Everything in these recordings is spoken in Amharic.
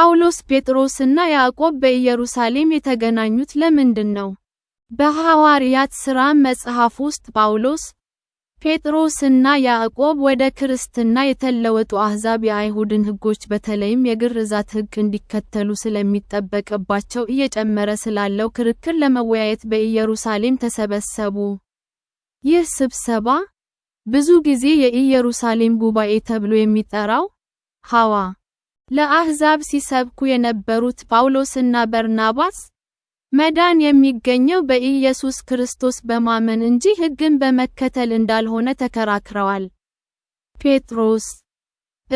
ጳውሎስ ጴጥሮስና ያዕቆብ በኢየሩሳሌም የተገናኙት ለምንድን ነው? በሐዋርያት ሥራ መጽሐፍ ውስጥ ጳውሎስ፣ ጴጥሮስና ያዕቆብ ወደ ክርስትና የተለወጡ አሕዛብ የአይሁድን ሕጎች በተለይም የግርዛት ሕግ እንዲከተሉ ስለሚጠበቅባቸው እየጨመረ ስላለው ክርክር ለመወያየት በኢየሩሳሌም ተሰበሰቡ። ይህ ስብሰባ፣ ብዙ ጊዜ የኢየሩሳሌም ጉባኤ ተብሎ የሚጠራው፣ ሐዋ ለአሕዛብ ሲሰብኩ የነበሩት ጳውሎስና በርናባስ መዳን የሚገኘው በኢየሱስ ክርስቶስ በማመን እንጂ ሕግን በመከተል እንዳልሆነ ተከራክረዋል። ጴጥሮስ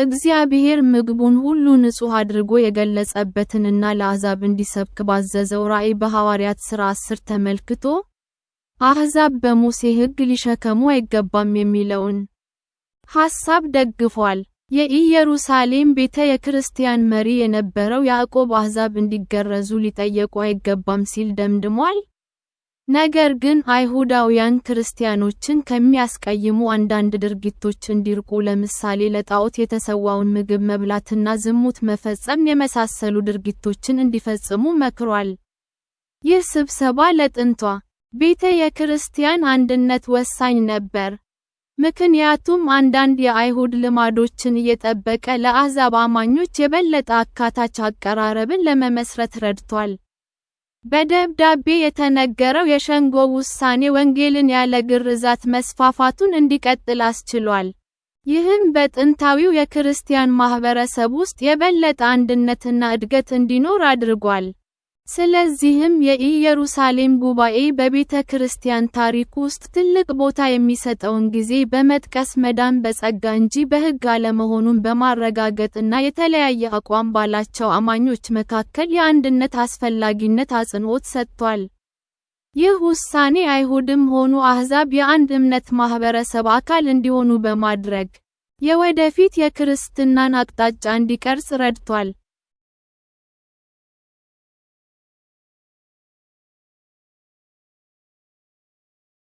እግዚአብሔር ምግቡን ሁሉ ንጹሕ አድርጎ የገለጸበትንና ለአሕዛብ እንዲሰብክ ባዘዘው ራእይ በሐዋርያት ሥራ 10 ተመልክቶ አሕዛብ በሙሴ ሕግ ሊሸከሙ አይገባም የሚለውን ሐሳብ ደግፏል። የኢየሩሳሌም ቤተ የክርስቲያን መሪ የነበረው ያዕቆብ አሕዛብ እንዲገረዙ ሊጠየቁ አይገባም ሲል ደምድሟል። ነገር ግን አይሁዳውያን ክርስቲያኖችን ከሚያስቀይሙ አንዳንድ ድርጊቶች እንዲርቁ ለምሳሌ ለጣዖት የተሰዋውን ምግብ መብላትና ዝሙት መፈጸም የመሳሰሉ ድርጊቶችን እንዲፈጽሙ መክሯል። ይህ ስብሰባ ለጥንቷ ቤተ የክርስቲያን አንድነት ወሳኝ ነበር። ምክንያቱም አንዳንድ የአይሁድ ልማዶችን እየጠበቀ ለአሕዛብ አማኞች የበለጠ አካታች አቀራረብን ለመመስረት ረድቷል። በደብዳቤ የተነገረው የሸንጎ ውሳኔ ወንጌልን ያለ ግርዛት መስፋፋቱን እንዲቀጥል አስችሏል። ይህም በጥንታዊው የክርስቲያን ማኅበረሰብ ውስጥ የበለጠ አንድነትና ዕድገት እንዲኖር አድርጓል። ስለዚህም የኢየሩሳሌም ጉባኤ በቤተ ክርስቲያን ታሪክ ውስጥ ትልቅ ቦታ የሚሰጠውን ጊዜ በመጥቀስ መዳን በጸጋ እንጂ በሕግ አለመሆኑን በማረጋገጥና የተለያየ አቋም ባላቸው አማኞች መካከል የአንድነት አስፈላጊነት አጽንዖት ሰጥቷል። ይህ ውሳኔ አይሁድም ሆኑ አሕዛብ የአንድ እምነት ማኅበረሰብ አካል እንዲሆኑ በማድረግ የወደፊት የክርስትናን አቅጣጫ እንዲቀርጽ ረድቷል።